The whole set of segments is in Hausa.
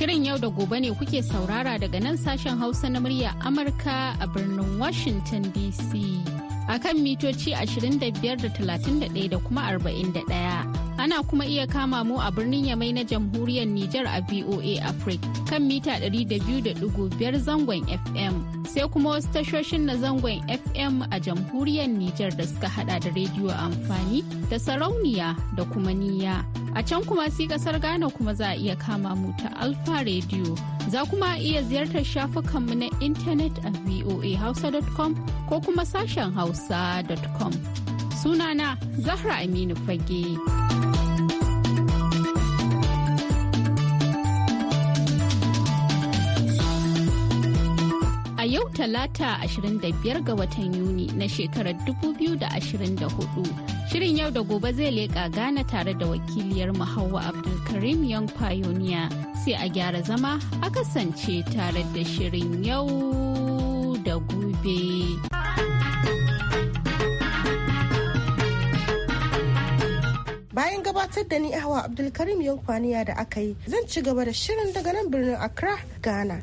Shirin yau da gobe ne kuke saurara daga nan sashen Hausa na murya Amurka a birnin Washington DC. A kan mitoci 25.31 da kuma 41. Ana kuma iya kama mu a birnin Yamai na Jamhuriyar Nijar a VOA Africa kan mita 200.5 zangon FM. Sai kuma wasu tashoshin na zangon FM a Jamhuriyar Nijar da suka hada da rediyo amfani da sarauniya da kuma niyya. A can kuma si kasar Ghana kuma za a iya kama mu ta Alfa Radio. Za kuma iya ziyartar shafukanmu na intanet a voahausa.com ko kuma sashen hausa.com. Sunana Zahra Aminu Fage. A yau talata 25 ga watan Yuni na shekarar 2024. Shirin yau da gobe zai leƙa Ghana tare da wakiliyar Hauwa Abdulkarim Young Pioneer sai a gyara zama a kasance tare da shirin yau da gobe. Bayan gabatar da ni Hauwa Abdulkarim Young Pioneer da aka yi zan ci gaba da shirin daga nan birnin Accra, Ghana.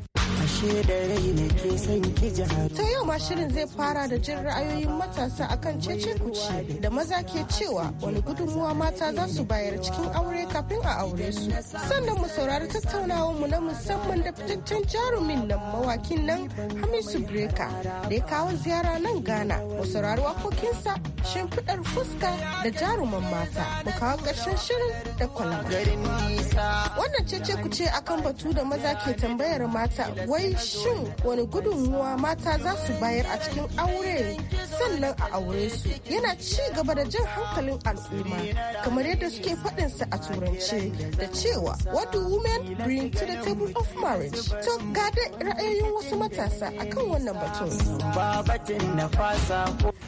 da rai na ke san ki Ta yau ma shirin zai fara da jin ra'ayoyin matasa akan cece kuce da maza ke cewa wani gudunmuwa mata za su bayar cikin aure kafin a aure su. Sannan mu saurari tattaunawar mu na musamman da fitaccen jarumin nan mawakin nan Hamisu Breka da ya kawo ziyara nan Ghana. Mu saurari wakokinsa shimfiɗar fuska da jaruman mata. Mu kawo ƙarshen shirin da kwalama. Garin nisa Wannan cece ku ce akan batu da maza ke tambayar mata wai shin wani gudunmuwa mata za su bayar a cikin aure sannan a aure su yana ci gaba da jan hankalin al'umma kamar yadda suke sa a turance da cewa what do women bring to the table of marriage to gada ra'ayoyin wasu matasa akan wannan batun.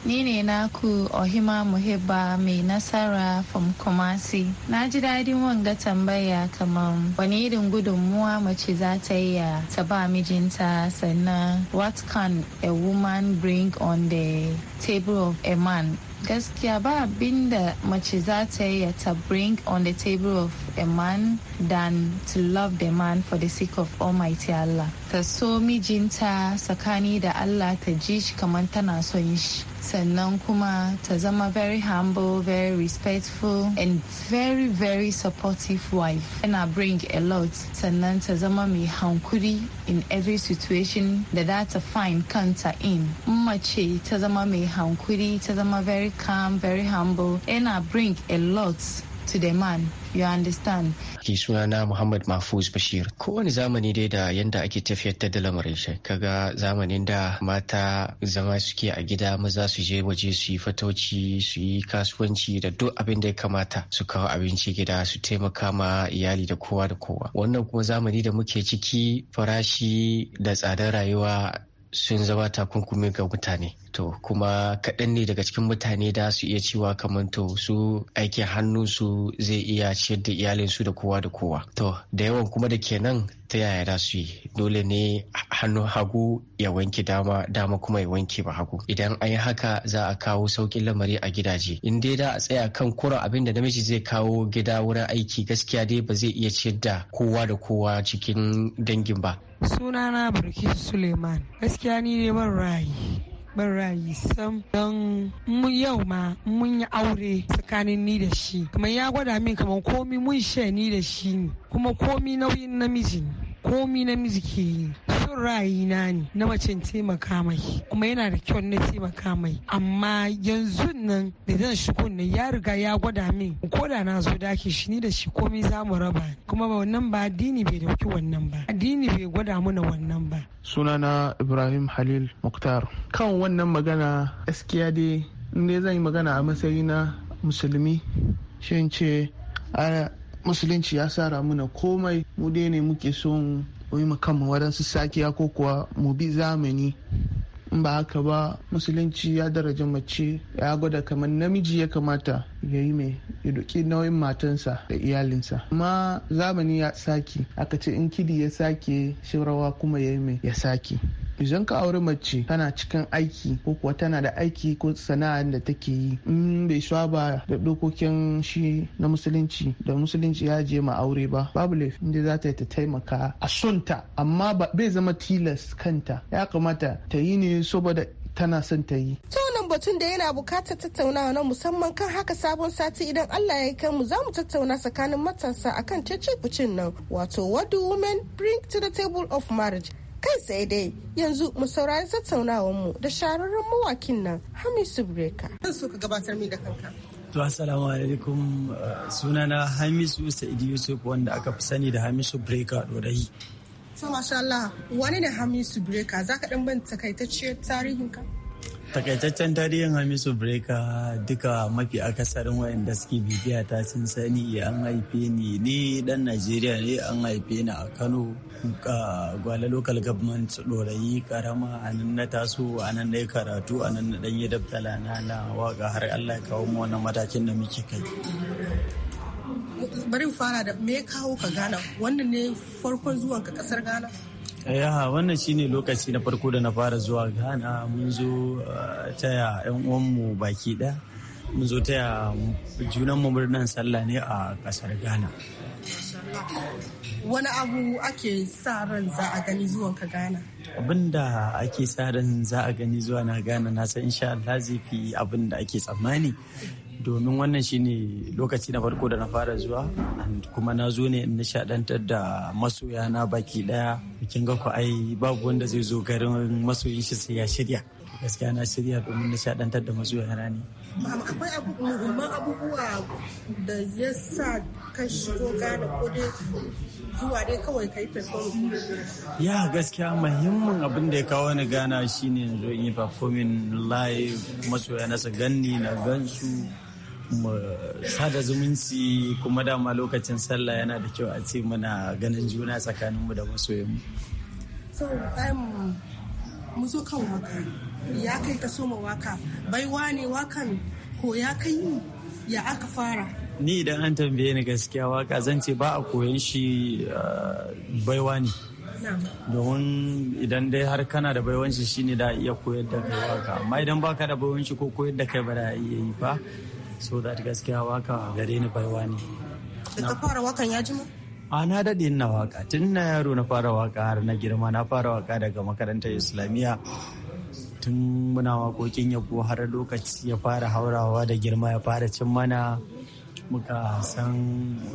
Ni ne naku Ohima Muhibba mai nasara from Kumasi. Na ji daɗin wanga tambaya kamar kaman um, wani irin gudunmuwa mace za ta iya uh, ta ba mijinta sannan what can a woman bring on the table of a man gaskiya ba abin da mace za ta yi uh, ta bring on the table of a man than to love the man for the sake of almighty Allah ta so mijinta tsakani da Allah ta ji shi kamar tana son shi sannan kuma ta zama very humble very respectful and very very supportive wife yana bring a lot sannan ta zama mai hankuri in every situation that za ta find kanta in mace ta zama mai hankuri ta zama very calm very humble yana bring a lot to the man you understand ki sunana muhammad mahfuz bashir kowane zamani dai da yanda ake tafiyar da lamarin shi kaga zamanin da mata zama suke a gida maza su je waje su yi fatoci su yi kasuwanci da duk abin da ya kamata su kawo abinci gida su taimaka ma iyali da kowa da kowa wannan kuma zamani da muke ciki farashi da tsadar rayuwa sun zama takunkumi ga mutane to kuma kaɗan ne daga cikin mutane da su iya cewa kamar to su aikin su zai iya ciyar da iyalinsu da kowa da kowa to da yawan kuma da kenan ta yaya da su yi dole ne hannu hagu ya wanke dama dama kuma ya wanke ba hagu idan an yi haka za a kawo saukin lamari a gidaje in dai da a tsaya kan kura abin da namiji zai kawo gida wurin aiki gaskiya dai ba zai iya ciyar da kowa da kowa cikin dangin ba sunana burkisu suleiman gaskiya ni ne ban ra'ayi barayi sam don yau ma mun yi aure tsakanin ni da shi kuma ya gwada min kamar komi mun shani ni da shi ne kuma komi nauyin namiji komi namiji ke yi son rayina ne na macen taimaka mai kuma yana da kyau na taimaka mai amma yanzu nan da zan shigo ne ya riga ya gwada min ko da na zo daki shi ni da shi komai za mu raba kuma wannan ba addini bai dauki wannan ba addini bai gwada mana wannan ba sunana ibrahim halil muktar kan wannan magana gaskiya dai in dai zan yi magana a matsayi na musulmi shi ce musulunci ya sara mana komai mu dai ne muke son mu yi kanmu waɗansu sakiya ko kuwa mu bi zamani in ba haka ba musulunci ya daraja mace ya gwada kamar namiji ya kamata ya yi mai ya doki nauyin matansa da iyalinsa amma zamani ya sake aka ce in kidi ya sake shirawa kuma ya yi mai ya sake idan ka aure mace tana cikin aiki ko kuwa tana da aiki ko sana'a da take yi in bai saba da dokokin shi na musulunci da musulunci ya je ma aure ba babu laifin inda za ta yi ta taimaka a sunta amma bai zama tilas kanta ya kamata ta yi ne saboda tana son ta yi. batun da yana bukatar tattaunawa na musamman kan haka sabon sati idan Allah ya kai mu za mu tattauna tsakanin matasa akan cece nan wato what do women bring to the table of marriage kai tsaye dai yanzu mu saurari tattaunawar mu da shahararren mawakin nan hamisu breka zan so ka gabatar mi da kanka to assalamu alaikum eh, sunana hamisu sa'idi yusuf wanda aka fi sani da hamisu breka dorayi to masha Allah wani ne hamisu breka zaka dan ban takaitacciyar tarihin ka takaitaccen tarihin hamisu breka duka mafi akasarin wayanda suke bibiya ta sun sani an haife ni ni dan najeriya ne an haife ni a kano gwale local government dorayi karama a nan na taso a nan na yi karatu a nan na dan yi daftala na na waka har allah ya kawo mu wannan matakin da muke kai bari fara da me kawo ka gana wannan ne farkon zuwan ka kasar ghana ya eh, wannan shine lokaci na farko da na fara zuwa ghana mun zo eh, taya 'yan uwanmu baki ɗaya mun zo taya junanmu murnan sallah ne a kasar ghana wani abu ake sa ran za a gani zuwan ka Ghana. Abin da ake sa ran za a gani zuwa na Ghana, na san insha Allah zai fi abin da ake tsammani domin wannan shine lokaci na farko da na fara zuwa kuma na zo ne in nishadantar da masoya na baki daya bikin ga ku ai babu wanda zai zo garin masoyin shi sai ya shirya gaskiya na shirya domin nishadantar da masoya na ne akwai muhimman abubuwa da ya sa ka shigo gane ko dai zuwa dai kawai kai ya gaskiya muhimmin abin da ya kawo ni gana shine yanzu in yi performing live masoya na su ganni na gansu sada zumunci kuma dama lokacin sallah yana da kyau a ce muna ganin juna tsakaninmu da masoyanmu. So, um, mu zo kan waka ya kai ka soma waka baiwa ne wakan ko ya kai ya aka fara ni idan an tambaye ni gaskiya waka zan ce ba a koyan shi uh, baiwa ne domin idan dai har kana da baiwanci shi shine da iya koyar da kai waka amma idan baka da baiwanci ko koyar da kai ba da iya yi ba so that gaskiya waka gare ni baiwa ne da ka fara wakan ya jima a na daɗe na waka tun na yaro na fara waka har na girma na fara waka daga makarantar islamiyya tun muna waƙoƙin yabo har lokaci ya fara haurawa da girma ya fara cin mana muka san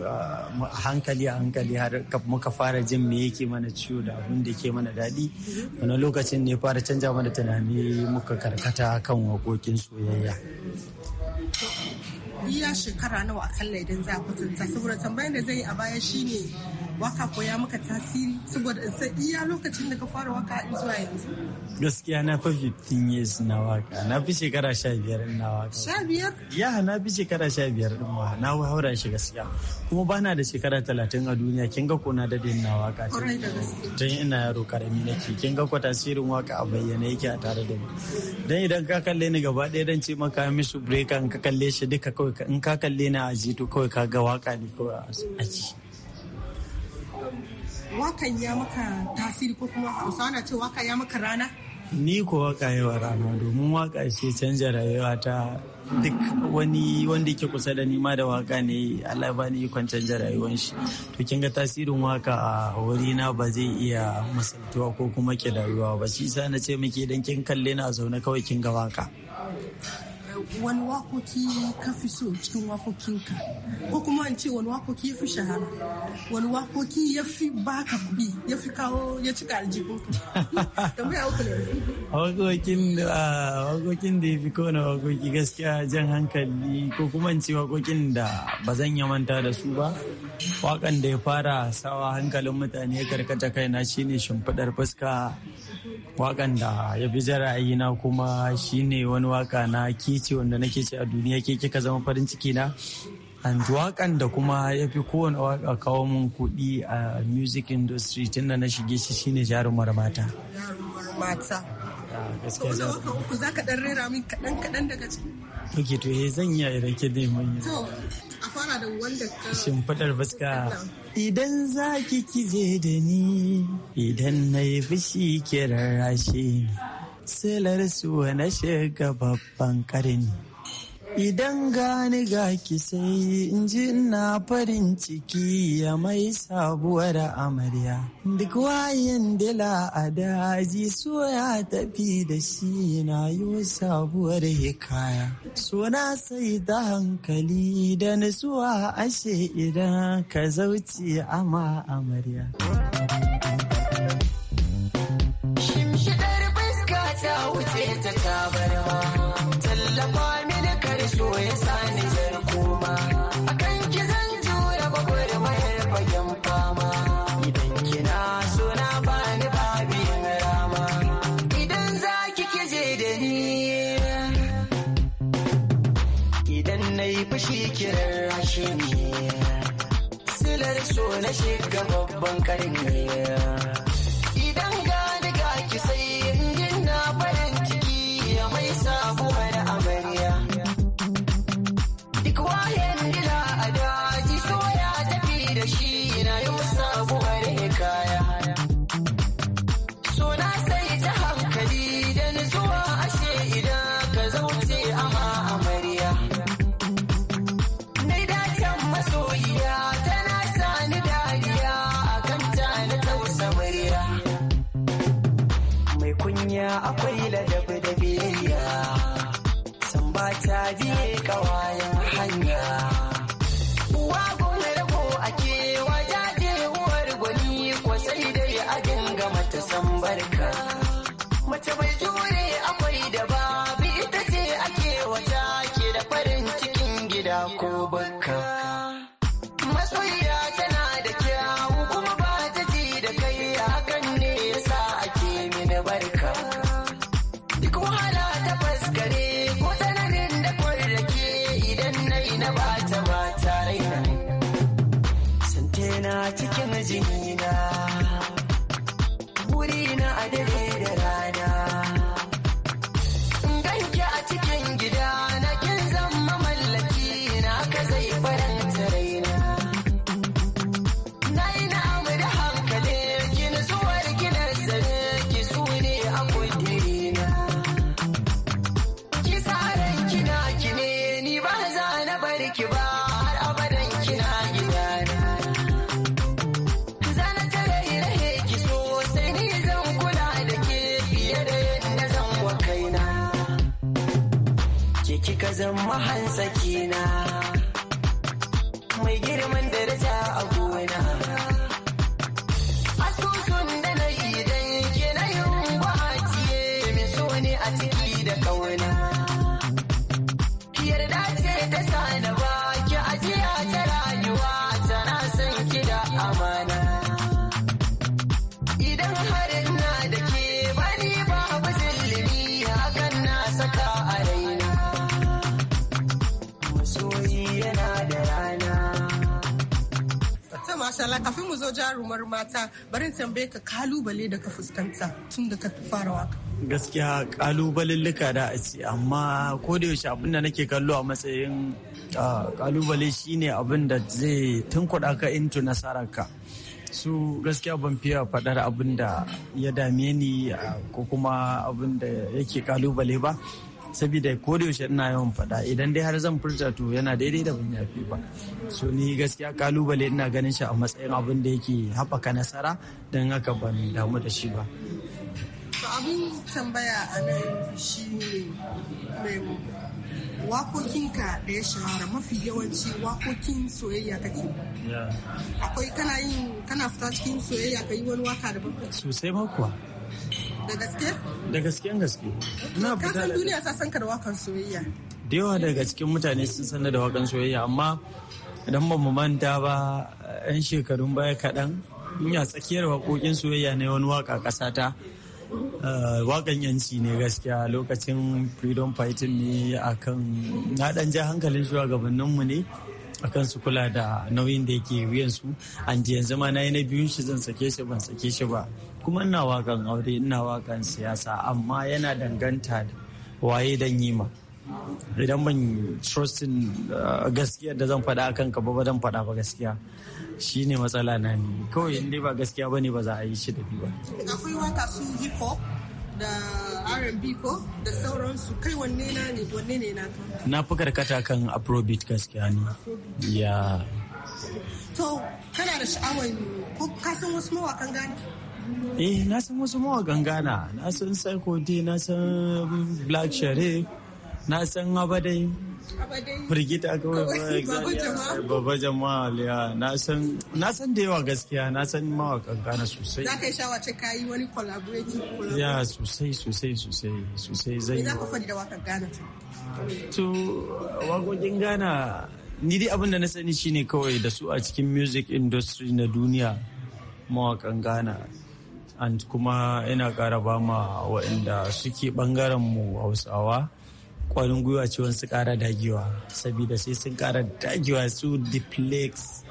ah, hankali a hankali har muka fara jin me yake mana ciwo da abin da ke mana daɗi wani lokacin ne fara canja mana tunani muka karkata kan waƙoƙin soyayya iya shekara nawa akalla idan za a kwatanta saboda tambayar da zai yi a baya shine waka ko ya maka tasiri saboda in san iya lokacin da ka fara waka in zuwa yanzu gaskiya na fa 15 years na waka na fi shekara 15 na waka 15 ya na fi shekara 15 din ma na haura shi gaskiya kuma ba na da shekara 30 a duniya kin ga ko na dade na waka tun ina yaro karami nake kin ga ko tasirin waka a bayyana yake a tare da mu? dan idan ka kalle ni gaba ɗaya dan ce maka mishi break in ka kalle shi duka kawai in ka kalle ni a ji to kawai ka ga waka ne kawai a ji wakan ya maka tasiri ko kuma hausawa na ce waka ya maka rana ni ko waka yawa rana domin waka ce canja rayuwa ta duk wani wanda ke kusa da nima da waka ne Allah ba ni ikon canja rayuwar shi to kin ga tasirin waka a wuri na ba zai iya musaltuwa ko kuma ke da ba shi sa na ce muke dan kin kalle na zaune kawai kin ga waka wani wakoki ka fi so cikin wakokinka ko kuma in ce wani wakoki ya fi shahara wani wakoki ya fi baka bi ya fi kawo ya cika aljihunka wakokin wakokin da ya fi kona wakoki gaskiya jan hankali ko kuma in ce wakokin da ba zan yi manta da su ba wakan da ya fara sawa hankalin mutane karkata kaina shine shimfiɗar fuska wakan da ya fi ra'ayi na kuma shine wani waka na kici wanda nake ce a duniya ke kika zama farin ciki na and wakan da kuma ya fi kowane waka kawo mun kuɗi a music industry tunda na shige shi shine jarumar mata mata ah, gaskiya za ka dan rera min kaɗan kaɗan daga ciki ok to eh, zan yi a irake dai mai a fara da wanda shimfiɗar fuska idan za ki kize da ni idan na yi fushi ki rarrashe ni silar suwa na shiga babban karni Idan gani ga ki sai in ji ina farin ciki ya mai sabuwar amarya. Duk wayan dila a daji so ya tafi da shi na yi sabuwar hikaya. Suna sai da hankali da nutsuwa ashe idan ka zauce ama amarya. na shiga babban karin Amma kafin mu zo jarumar mata barin tambaye ka kalubale da ka fuskanta tun da ka fara waka. Gaskiya kalubalillika da a ce amma ko da yaushe abin da nake kallo a matsayin kalubale shine abin da zai tunkuɗa ka into ka. su gaskiya ban fiye faɗar abin da ya dame ni ko kuma abin da yake kalubale ba saboda ko da yaushe ina yawan faɗa idan dai har zan furta to yana daidai da ban yafi ba so ni gaskiya kalubale ina ganin shi a matsayin abin da yake haɓaka nasara don haka ban damu da shi ba abin tambaya a nan shi ne wakokinka da ya shahara mafi yawanci wakokin soyayya kake akwai kana yin kana fita cikin soyayya ka yi wani waka daban sosai ba kuwa da gaske da gaske da duniya ta san da soyayya da yawa daga cikin mutane sun sanar da wakan soyayya amma idan ba mu manta ba yan shekarun baya kaɗan ya tsakiyar waƙoƙin soyayya ne wani waƙa ƙasata eh, waƙan yanci ne gaskiya lokacin freedom fighting ne akan na ɗan ja hankalin mu ne akan su kula da nauyin da yake wuyansu an yanzu ma na yi na biyun shi zan sake shi ban sake shi ba kuma ina wakan aure ina wakan siyasa amma yana danganta da waye dan yi ma idan ban trustin uh, gaskiya da zan faɗa akan ka ba zan faɗa ba gaskiya shi ne matsala na ni kawai in dai ba gaskiya ba ne ba za a yi shi da ba akwai waka su hip hop da R&B ko da sauransu kai wanne na ne wanne ne na ka na fi karkata kan afrobeat gaskiya ne ya to kana da sha'awar ko ka san wasu mawakan gani eh na san wasu mawakan gana na san d na san black sharif na san abadai firgita kawai babba jama'a liya na san da yawa gaskiya na san mawakan gana sosai za ka yi shawace ka yi wani collaborative ya sosai sosai sosai sosai zai za ka faɗi da wakan gana to wakokin gana ni dai abin da na sani shine kawai da su a cikin music industry na duniya mawakan gana and kuma ina ƙara ba ma waɗanda suke ɓangaren mu hausawa ƙwarin gwiwa ce wani su ƙara dagewa saboda sai sun ƙara dagewa su deplex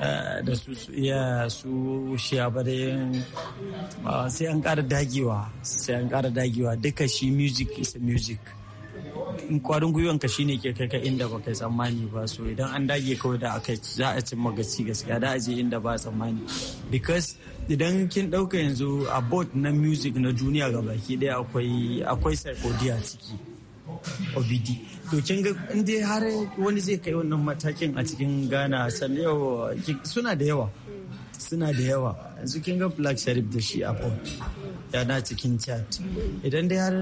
eh, da su iya su shiyabarin ah, sai an ƙara dagewa sai an ƙara dagewa duka shi music is a music kwarin gwiwan ka shine ke kai ka inda ba kai tsammani ba so idan an dage kawai da aka za a cimma gaci gaskiya da a je inda ba tsammani because idan kin dauka yanzu a board na music na duniya ga baki daya akwai akwai a ciki obd to kin ga in dai har wani zai kai wannan matakin a cikin gana sannan suna da yawa suna da yawa yanzu kin ga black sharif da shi a yana cikin chat idan dai har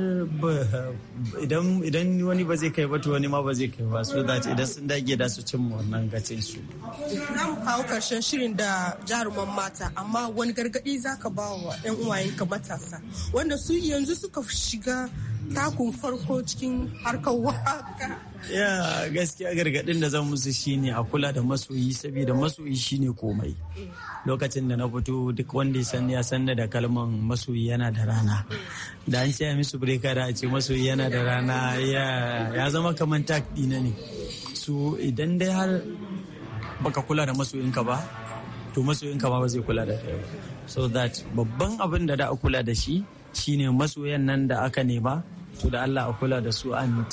idan wani ba zai kai ba to wani ma ba zai kai ba so that idan sun dage da su cin wannan gacin su na mu kawo karshen shirin da jaruman mata amma wani gargadi zaka ba wa yan uwayenka matasa wanda su yanzu suka shiga takun farko cikin harkar waka. Ya gaskiya gargaɗin da zan musu shine a kula da masoyi saboda masoyi shine komai. Lokacin da na fito duk wanda ya san ya san da kalman masoyi yana da rana. Da an ce musu breka da a ce masoyi yana da rana ya zama kamar tag dina ne. So idan dai har baka kula da masoyinka ba to masoyinka ba zai kula da kai so that babban abin da da a kula da shi shine masoyan nan da aka nema to da Allah a kula da su ahmed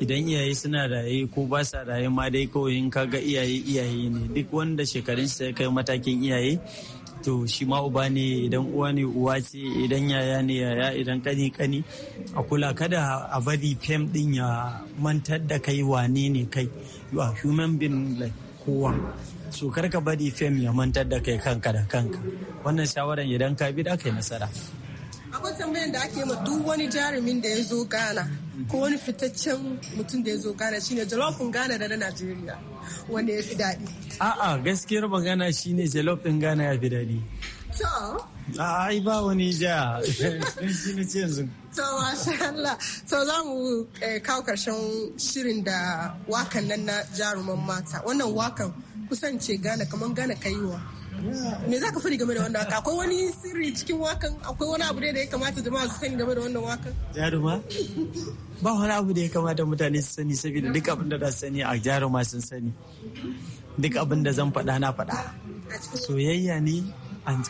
idan iyaye suna raye ko ba sa raye ma dai kawai in kaga iyaye iyaye ne duk wanda shekarun sa kai matakin iyaye to shi ma uba ne idan uwa ne uwa ce idan yaya ne yaya idan kani kani a kula kada a bari fem din ya mantar da kai wane ne kai you are human being like kowa so karka bari fem ya mantar da kai kanka da kanka wannan shawaran idan ka bi da kai nasara Akwai tambayan da ake ma duk wani jarumin da ya zo Ghana ko wani fitaccen mutum da ya zo Ghana shine jalofin Ghana da na Najeriya wanda ya fi daɗi. A'a gaskiyar magana shine jolof ɗin Ghana ya fi daɗi. To. Ai ba wani ja shine ce yanzu. To masha Allah. To za mu eh, kawo karshen shirin da wakan nan na jaruman mata. Wannan wakan kusance Ghana kamar Ghana kaiwa. me za ka faɗi game da wannan waka akwai wani sirri cikin wakan akwai wani abu da ya kamata jama'a su sani game da wannan wakan jaruma ba wani abu da ya kamata mutane su sani saboda duk abin da sani a jaruma sun sani duk abin da zan faɗa na faɗa soyayya ne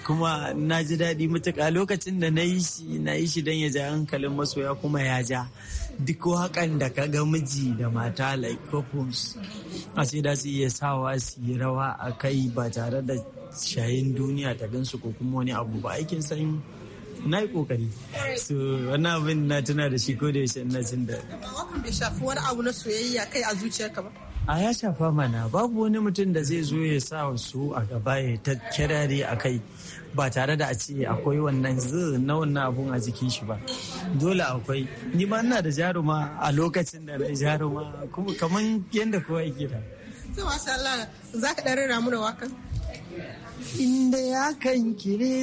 kuma na ji daɗi matuƙa lokacin da na yi shi na yi shi don ya ja hankalin masoya kuma ya ja duk hakan da ka ga miji da mata like couples a ce da su iya sawa su yi rawa a kai ba tare da shayin duniya ta gansu ko kuma wani abu ba aikin san na yi kokari su wani abin na tuna da shi ko da yaushe ina jin da bai shafi wani abu na soyayya kai a zuciyarka ba a ya shafa mana babu wani mutum da zai zo ya sa su a gaba ya ta kirare a kai ba tare da a ce akwai wannan zu na wannan abun a jikin shi ba dole akwai ni ma ina da jaruma a lokacin da na jaruma kuma kamar yadda kowa yake da. Sai masha Allah za ka ɗan rera mu da wakan. Inda ya kan kire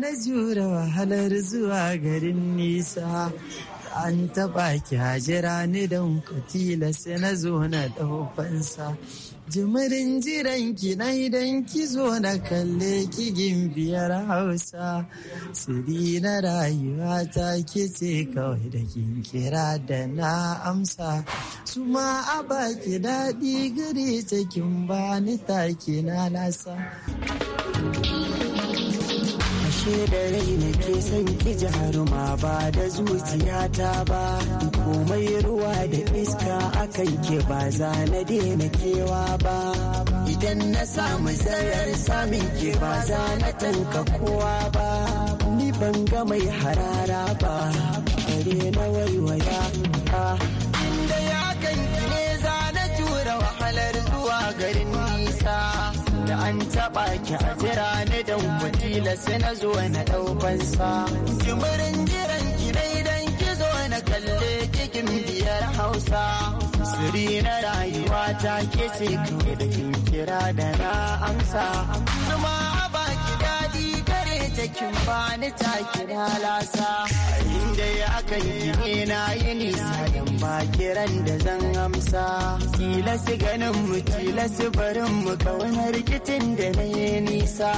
na jura wahalar zuwa garin nisa. An taɓa ki hajira ni don kutila sai na zo na ɗaufansa. Jimirin jiran ki na idan ki zo na kalle ki gimbiyar Hausa. Siri na rayuwa ta ki ce kawai da kin kira da na amsa. Su ma a baki daɗi gari cikin kin bani take na nasa. ke da rai na ke san ki jaruma ba da zuciyata ba komai ruwa da iska akan ke ba za na dena kewa ba idan na samu zarar samun ke ba za na tanka kowa ba ni ban ga mai harara ba kare na waiwaya ba inda ya kan ne za na jura wahalar zuwa garin nisa an taɓa ki a jira ni dan kwatila sai na zo na ɗaukan sa. Kimarin jiran ki na idan ki zo na kalle kikin biyar Hausa. Siri na rayuwa ta ke ce kawai da kin kira da na amsa. Zuma ba takin kin bani takin halasa inda ya kan ne na yi nisa dan kiran da zan amsa Tilasi su ganin mu kila su barin mu kawai rikicin da na yi nisa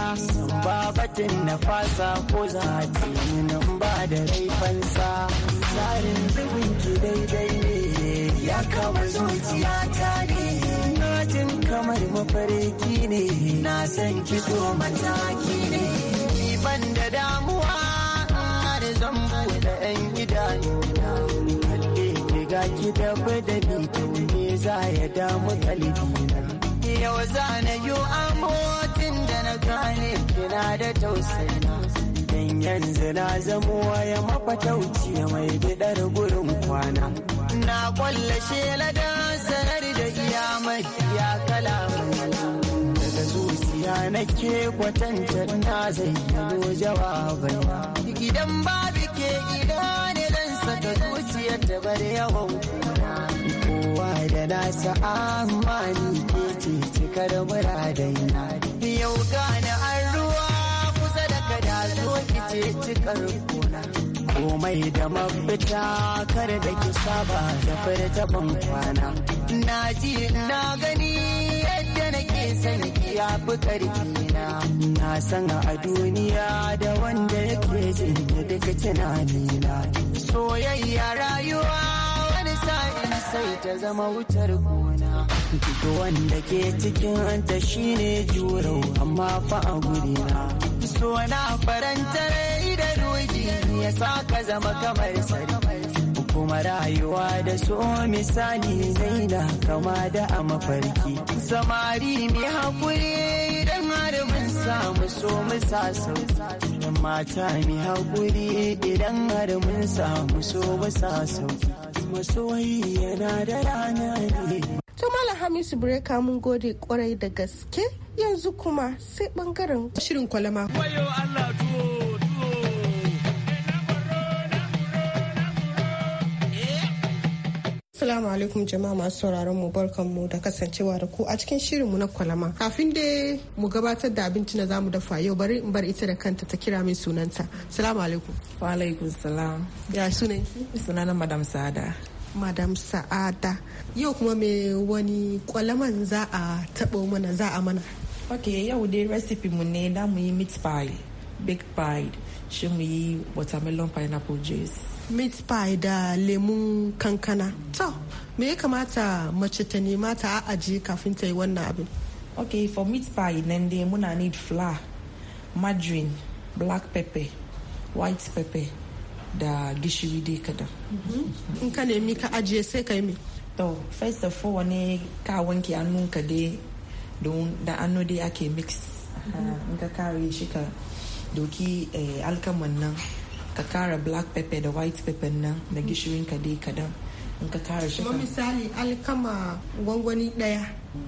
ba batun na fasa ko za nan ba da laifansa tsarin zubin ki daidai ne ya kama zuciya ta ne na jin kamar mafariki ne na san ki so mataki ne ban da damuwa har zan da ɗan idanuna kalle ki ga ki da badali to me za ya damu kalbina yau za na yi amotin da na gane kina da tausayi. dan yanzu na zamo waya mafatauci mai bidar gurin kwana na kwallashe ladan sanar da iya mai ya kalama nake kwatanta na zai yi jawabai na. Gidan babu ke gida ne zan saka zuciyar da bar yawan kuna. Kowa da nasa amani ke ce cikar muradai na. Yau gane an ruwa kusa da kada zuwa ki ce cikar kuna. Komai da mafita kar da ki saba da furta ban kwana. Na ji na gani yin saniki ya na na san a duniya da wanda yake jin da duka tunani na soyayya rayuwa wani sa'in sai ta zama wutar gona duk wanda ke cikin ta shine juro amma fa a guri na so na faranta rai da ruhi ya sa ka zama kamar sarki kuma rayuwa da so misali na kama da a mafarki samari mai haƙuri idan har mun samu so mu sa sauki mata mai haƙuri idan har mun samu so mu sa sauki masoyi yana da rana ne to malam hamisu breka mun gode kwarai da gaske yanzu kuma sai bangaren shirin kwalama wayo Allah tuwo Salamu alaikum jama'a masu sauraron mu barkan mu da kasancewa da ku a cikin shirin mu na kwalama. Kafin da mu gabatar da abinci na zamu dafa yau bari in bar ita da kanta ta kira min sunanta. Salamu alaikum. Wa alaikum salam. Ya sunan ki? Sunana Madam sa'ada. Madam Sa'ada. Yau kuma me wani kwalaman za a taɓo mana za a mana. Ok yau dai recipe mu ne da mu yi meat pie, big pie, shi mu yi watermelon pineapple juice. meat pie da lemun kankana to me ya kamata mace ta nema ta aji kafin ta yi wannan abin ok for meat pie nan dai muna need flour margarine black pepper white pepper da gishiri dai kadan mm-hmm. in ka nemi ka ajiye sai ka yi me to first of all ne ka wanke hannunka dai da hannu dai ake mix mm-hmm. in ka kare shi ka doki eh, alkaman nan ka kara black pepper da white pepper nan da gishirin ka dai kadan in ka kara shi kuma misali alkama gwangwani daya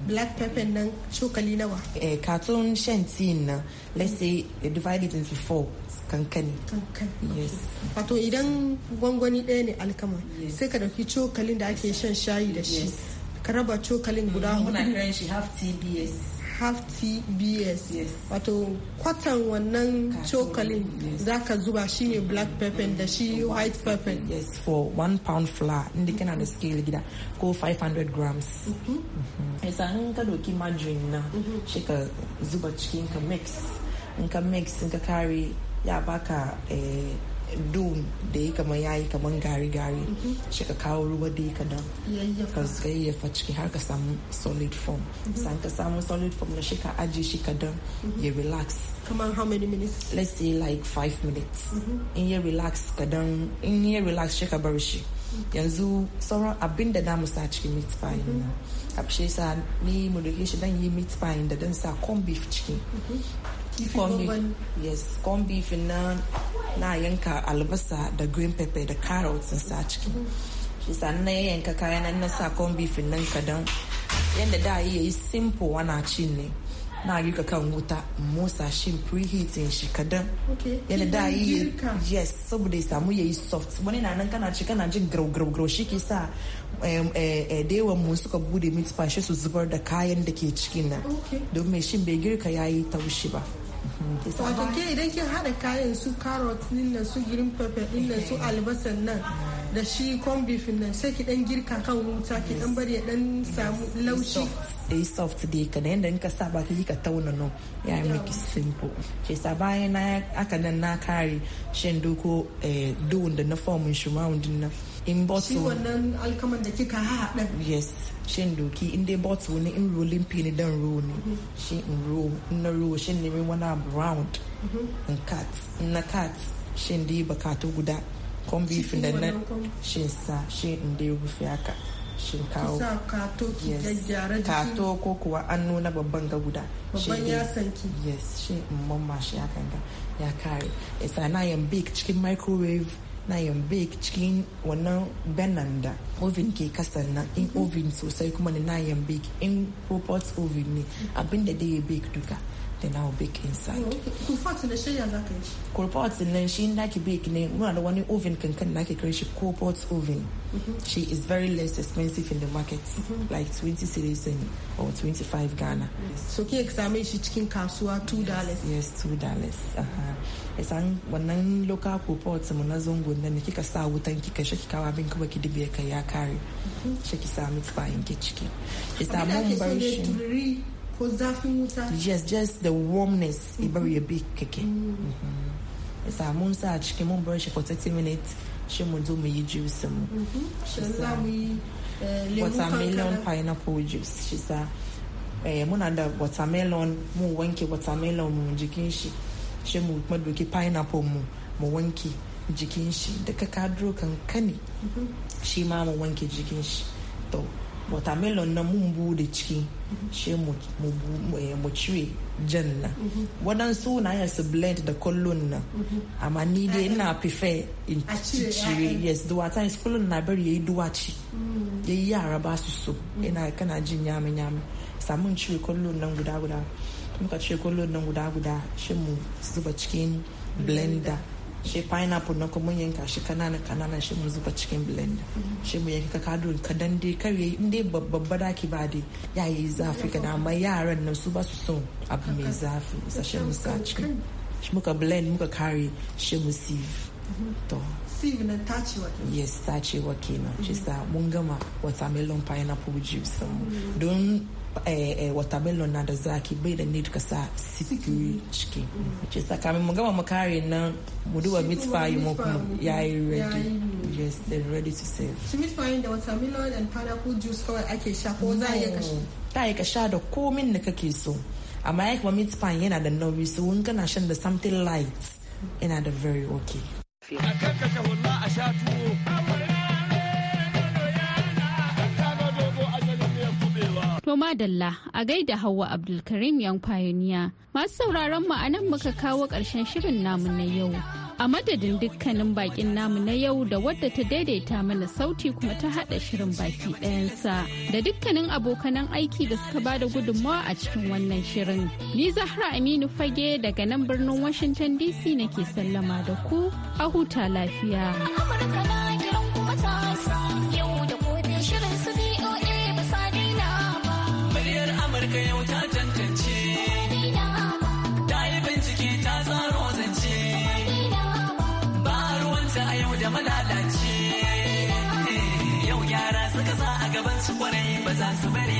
black pepper nan cokali nawa eh katon shan tin na let's say divide it into four kankani kankani yes wato idan gwangwani daya ne alkama sai ka dauki cokalin da ake shan shayi da shi ka raba cokalin guda hudu muna kiran shi half tbs half tbs wato kwatan wannan cokalin za ka zuba shi ne black pepper da shi white pepper yes for one pound flour inda kana da scale gida ko 500 grams isa mhm. mhm. in ka doki margarine na mhm. shi ka zuba cikin ka mix in ka mix in ka kare ya baka eh, dun da ya kamar yayi kamar gari-gari mhm. shi ka kawo ruwa da ya kadan ka yayyafa ciki har ka samu solid form mhm. san ka samu solid form na shi ka aji shi kadan mhm. ya relax kamar how many minutes let's say like five minutes in ya relax kadan in ya relax shi ka bar shi yanzu sauran abin da namu sa cikin meat pie na a shi sa ni mu shi dan yi meat pie da dan sa corn beef ciki corn yes corn beef na na yanka albasa da green pepper da carrots sa a ciki shi na yanka kayan na sa corn beef nan kadan yadda da yi yayi simple wana cin ne na ka kan wuta motsa shi preheating shi kadan yadda da yi yes saboda ya samu yayi soft wani na nan kana ci kana jin grau shi ke sa eh, eh, dewan mu suka bude meat pie su zubar da kayan da ke cikin nan domin shin bai girka yayi taushi ba wato ke idan kin hada kayan su carrot dinnan su green pepper dinnan su albasan nan da shi corn beef nan sai ki dan girka kan wuta ki dan bari ya dan samu laushi eh soft dai ka da yadda in ka sa ba ka yi ka tauna no ya yi miki simple ce sa bayan aka nan na kare shan doko eh, doon da na fomin shi nan in bottle shi wannan alkaman da kika haɗa yes shin doki in dai bottle ne in rolling pin dan ro ne mhm. shi in ro in na roll shin mai wani round mhm. in cut in na cut shin dai bakato guda kon beef da na shin sa shin in dai rufe haka shin kawo kato ko kuwa an nuna babban ga guda babban ya sanki yes shin in mamma shi haka ga ya kare isa na yan bake cikin microwave na yin bake cikin wannan benin da ovin ke kasar nan in mhm. oven sosai kuma na yin bake in robot oven ne abinda da ya bake duka They now bake inside. Oh, kulfat in shirya za ka yi kulfat nan in naki bake ne muna the wani oven can like a shi kulfat oven mm-hmm. she is very less expensive in the market mm-hmm. like 20 cities or 25 ghana so key same shi chicken kasuwa 2 dollars yes 2 dollars isan wannan local kulfat mu na zongo nan kika sa wutan kika shi kika bin kuma ki dibe ya kare shi ki sami tsayin ko zafin wuta yes just the warmness mm -hmm. ibar ya bi keke. isa mun sa a cikin mun bar shi for 30 minutes shi mu zo mu yi juice mu shi sa watermelon pineapple juice shi sa eh, muna da watermelon mu wanke watermelon mu jikin shi shi mu kuma pineapple mu mu wanke jikin shi duka kadro kankani mm-hmm. shi ma mu wanke jikin shi to watermelon na mun bude ciki shi eh, mu cire jan nan mhm. waɗansu na yin su blend da kullun nan mhm. amma ni dai ina prefer in cire yes duwa ta yi kullun na bari ci mm. ya yi yara ba su so mm. ina kana jin yamin yamin samun cire kullun nan guda guda muka cire kullun nan guda guda shi mu zuba cikin blender shi pineapple na kuma yanka shi kananan kananan shi mun zuba cikin blender shi mun yanka ka kadan dai kar yayi in dai babba ki ba dai yayi zafi kada amma yaran nan su ba su so abu mai zafi shi mun sa cikin muka blend muka kare shi mun sieve mm-hmm. to sieve na tacewa yes wa kenan shi mm-hmm. sa mun gama watermelon pineapple juice mm-hmm. don Eh, eh, watermelon na da zaki bai da ni ka sa sikiri ciki ce kamin mu gama mu kare nan mu duba meat pie mu kuma yi ready yes they ready to serve shi meat pie da watermelon and pineapple juice kawai ake sha ko za ya ka ta yi ka sha da komin da kake so amma ya kuma meat pie yana da nauyi so in kana shan da something light yana da very okay a To Dalla a gaida Hauwa Abdulkarim yan fayoniya. Masu sauraron mu anan muka kawo ƙarshen shirin namu na yau. A madadin dukkanin bakin namu na yau da wadda ta daidaita mana sauti kuma ta haɗa shirin baki ɗayansa da dukkanin abokanan aiki da suka bada gudunmawa a cikin wannan shirin. Ni Zahra Aminu Fage daga nan birnin Washington DC nake sallama da ku a huta lafiya. so many